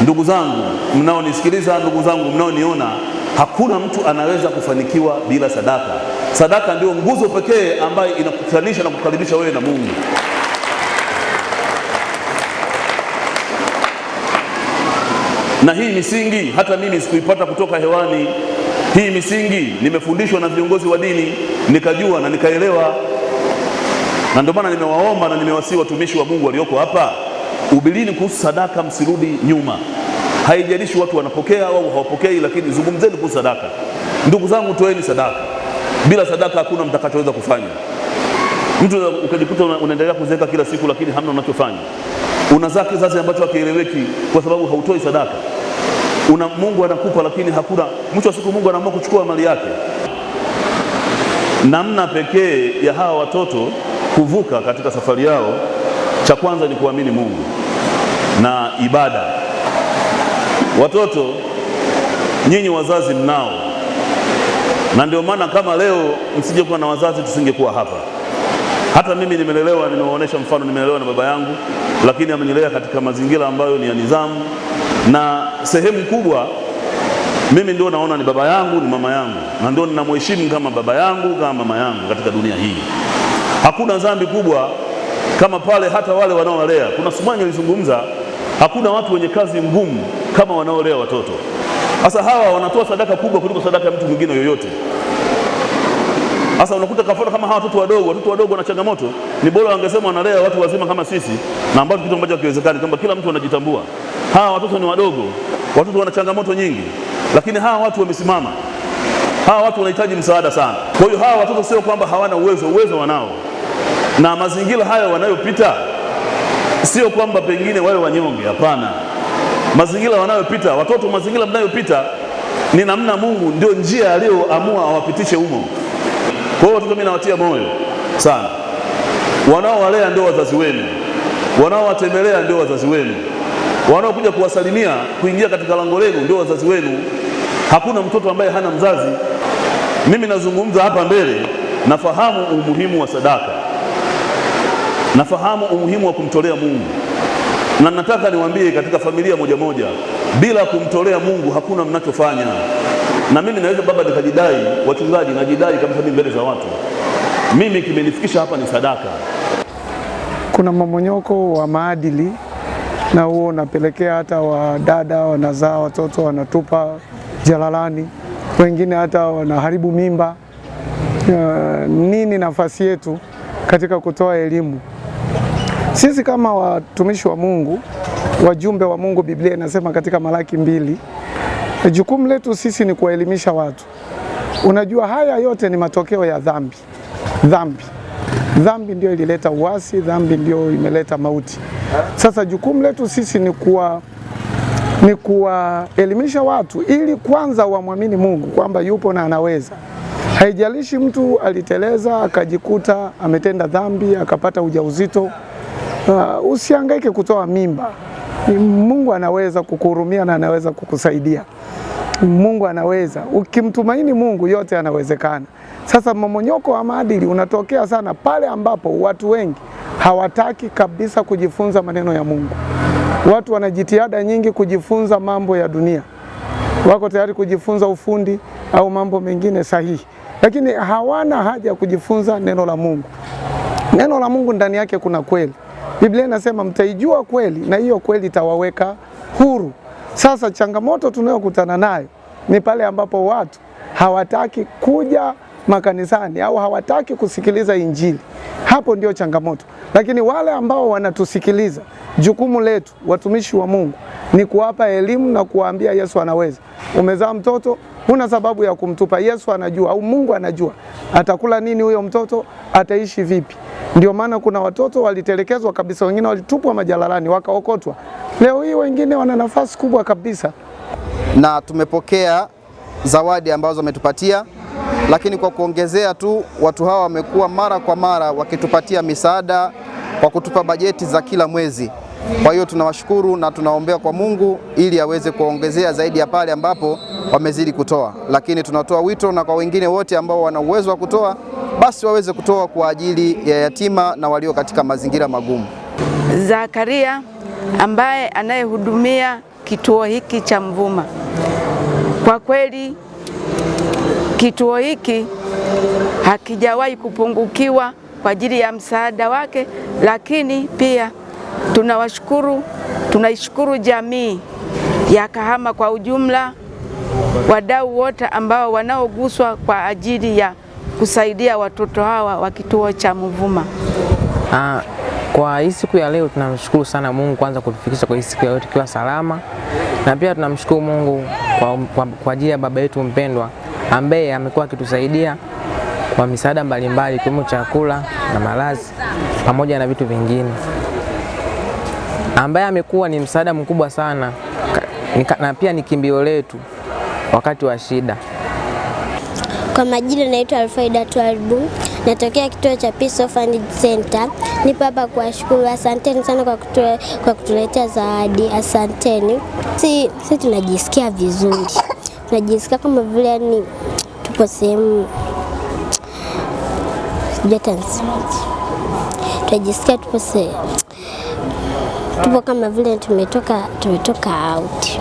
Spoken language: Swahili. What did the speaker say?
Ndugu zangu mnaonisikiliza, ndugu zangu mnaoniona, hakuna mtu anaweza kufanikiwa bila sadaka. Sadaka ndio nguzo pekee ambayo inakutanisha na kukaribisha wewe na Mungu. Na hii misingi hata mimi sikuipata kutoka hewani. Hii misingi nimefundishwa na viongozi wa dini, nikajua na nikaelewa, na ndio maana nimewaomba na nimewasii watumishi wa Mungu walioko hapa ubilini kuhusu sadaka, msirudi nyuma. Haijalishi watu wanapokea au hawapokei, lakini zungumzeni kuhusu sadaka. Ndugu zangu, toeni sadaka. Bila sadaka hakuna mtakachoweza kufanya. Mtu ukajikuta unaendelea kuzeeka kila siku, lakini hamna unachofanya. Unazaa kizazi ambacho hakieleweki kwa sababu hautoi sadaka. Una Mungu anakupa lakini hakuna. Mwisho wa siku Mungu anaamua kuchukua mali yake. Namna pekee ya hawa watoto kuvuka katika safari yao cha kwanza ni kuamini Mungu na ibada. Watoto nyinyi wazazi mnao, na ndio maana kama leo msijekuwa na wazazi tusingekuwa hapa. Hata mimi nimelelewa, nimewaonyesha mfano, nimelelewa na baba yangu, lakini amenilea katika mazingira ambayo ni ya nidhamu, na sehemu kubwa mimi ndio naona ni baba yangu ni mama yangu, na ndio ninamheshimu kama baba yangu kama mama yangu katika dunia hii. Hakuna dhambi kubwa kama pale hata wale wanaowalea. Kuna Sumani alizungumza, hakuna watu wenye kazi ngumu kama wanaolea watoto. Sasa hawa wanatoa sadaka kubwa kuliko sadaka ya mtu mwingine yoyote. Sasa unakuta kafara kama hawa watoto wadogo, watoto wadogo wana changamoto, ni bora wangesema wanalea watu wazima kama sisi, na ambacho kitu ambacho kiwezekani kwamba kila mtu anajitambua. Hawa watoto ni wadogo, watoto wana changamoto nyingi, lakini hawa watu wamesimama. Hawa watu wanahitaji msaada sana. Kwa hiyo hawa watoto sio kwamba hawana uwezo, uwezo wanao na mazingira hayo wanayopita sio kwamba pengine wawe wanyonge, hapana. Mazingira wanayopita watoto, mazingira mnayopita ni namna Mungu ndio njia aliyoamua awapitishe humo. Kwa hiyo watoto, mimi nawatia moyo sana, wanaowalea ndio wazazi wenu, wanaowatembelea ndio wazazi wenu, wanaokuja kuwasalimia, kuingia katika lango lenu ndio wazazi wenu. Hakuna mtoto ambaye hana mzazi. Mimi nazungumza hapa mbele, nafahamu umuhimu wa sadaka Nafahamu umuhimu wa kumtolea Mungu na nataka niwaambie katika familia moja moja, bila kumtolea Mungu hakuna mnachofanya. Na mimi naweza baba nikajidai, wachungaji, najidai kabisa mimi mbele za watu, mimi kimenifikisha hapa ni sadaka. Kuna mamonyoko wa maadili, na huo unapelekea hata wadada wanazaa watoto wanatupa jalalani, wengine hata wanaharibu mimba. Uh, nini nafasi yetu katika kutoa elimu? Sisi kama watumishi wa Mungu, wajumbe wa Mungu, Biblia inasema katika Malaki mbili, jukumu letu sisi ni kuwaelimisha watu. Unajua haya yote ni matokeo ya dhambi. Dhambi, dhambi ndio ilileta uasi, dhambi ndio imeleta mauti. Sasa jukumu letu sisi ni kuwa ni kuwaelimisha watu ili kwanza wamwamini Mungu kwamba yupo na anaweza. Haijalishi mtu aliteleza akajikuta ametenda dhambi akapata ujauzito Uh, usihangaike kutoa mimba. Mungu anaweza kukuhurumia na anaweza kukusaidia. Mungu anaweza, ukimtumaini Mungu yote anawezekana. Sasa mmomonyoko wa maadili unatokea sana pale ambapo watu wengi hawataki kabisa kujifunza maneno ya Mungu. Watu wana jitihada nyingi kujifunza mambo ya dunia, wako tayari kujifunza ufundi au mambo mengine sahihi, lakini hawana haja ya kujifunza neno la Mungu. Neno la Mungu ndani yake kuna kweli. Biblia inasema mtaijua kweli na hiyo kweli itawaweka huru. Sasa changamoto tunayokutana nayo ni pale ambapo watu hawataki kuja makanisani au hawataki kusikiliza Injili. Hapo ndio changamoto, lakini wale ambao wanatusikiliza, jukumu letu watumishi wa Mungu ni kuwapa elimu na kuwaambia Yesu anaweza. Umezaa mtoto, huna sababu ya kumtupa. Yesu anajua au Mungu anajua atakula nini huyo mtoto, ataishi vipi. Ndio maana kuna watoto walitelekezwa kabisa, wengine walitupwa majalalani wakaokotwa. Leo hii wengine wana nafasi kubwa kabisa, na tumepokea zawadi ambazo wametupatia, lakini kwa kuongezea tu, watu hawa wamekuwa mara kwa mara wakitupatia misaada kwa kutupa bajeti za kila mwezi. Kwa hiyo tunawashukuru na tunaombea kwa Mungu ili aweze kuongezea zaidi ya pale ambapo wamezidi kutoa, lakini tunatoa wito na kwa wengine wote ambao wana uwezo wa kutoa, basi waweze kutoa kwa ajili ya yatima na walio katika mazingira magumu. Zakaria ambaye anayehudumia kituo hiki cha Mvuma, kwa kweli kituo hiki hakijawahi kupungukiwa kwa ajili ya msaada wake, lakini pia tunawashukuru, tunaishukuru jamii ya Kahama kwa ujumla wadau wote ambao wanaoguswa kwa ajili ya kusaidia watoto hawa wa kituo cha Mvuma. Ah, kwa hii siku ya leo tunamshukuru sana Mungu kwanza kutufikisha kwa hii siku ya leo tukiwa salama, na pia tunamshukuru Mungu kwa ajili ya baba yetu mpendwa ambaye amekuwa akitusaidia kwa misaada mbalimbali ikiwemo chakula na malazi pamoja na vitu vingine, ambaye amekuwa ni msaada mkubwa sana na pia ni kimbio letu wakati wa shida. Kwa majina naitwa Alfaida Twalbu, natokea kituo cha Peace Orphanage Center. Nipo hapa kuwashukuru, asanteni sana kwa, kutule, kwa kutuletea zawadi, asanteni. Si, si tunajisikia vizuri, tunajisikia kama vile yani tupo sehemu, tunajisikia tupo sehemu, tupo kama vile tumetoka, tumetoka out.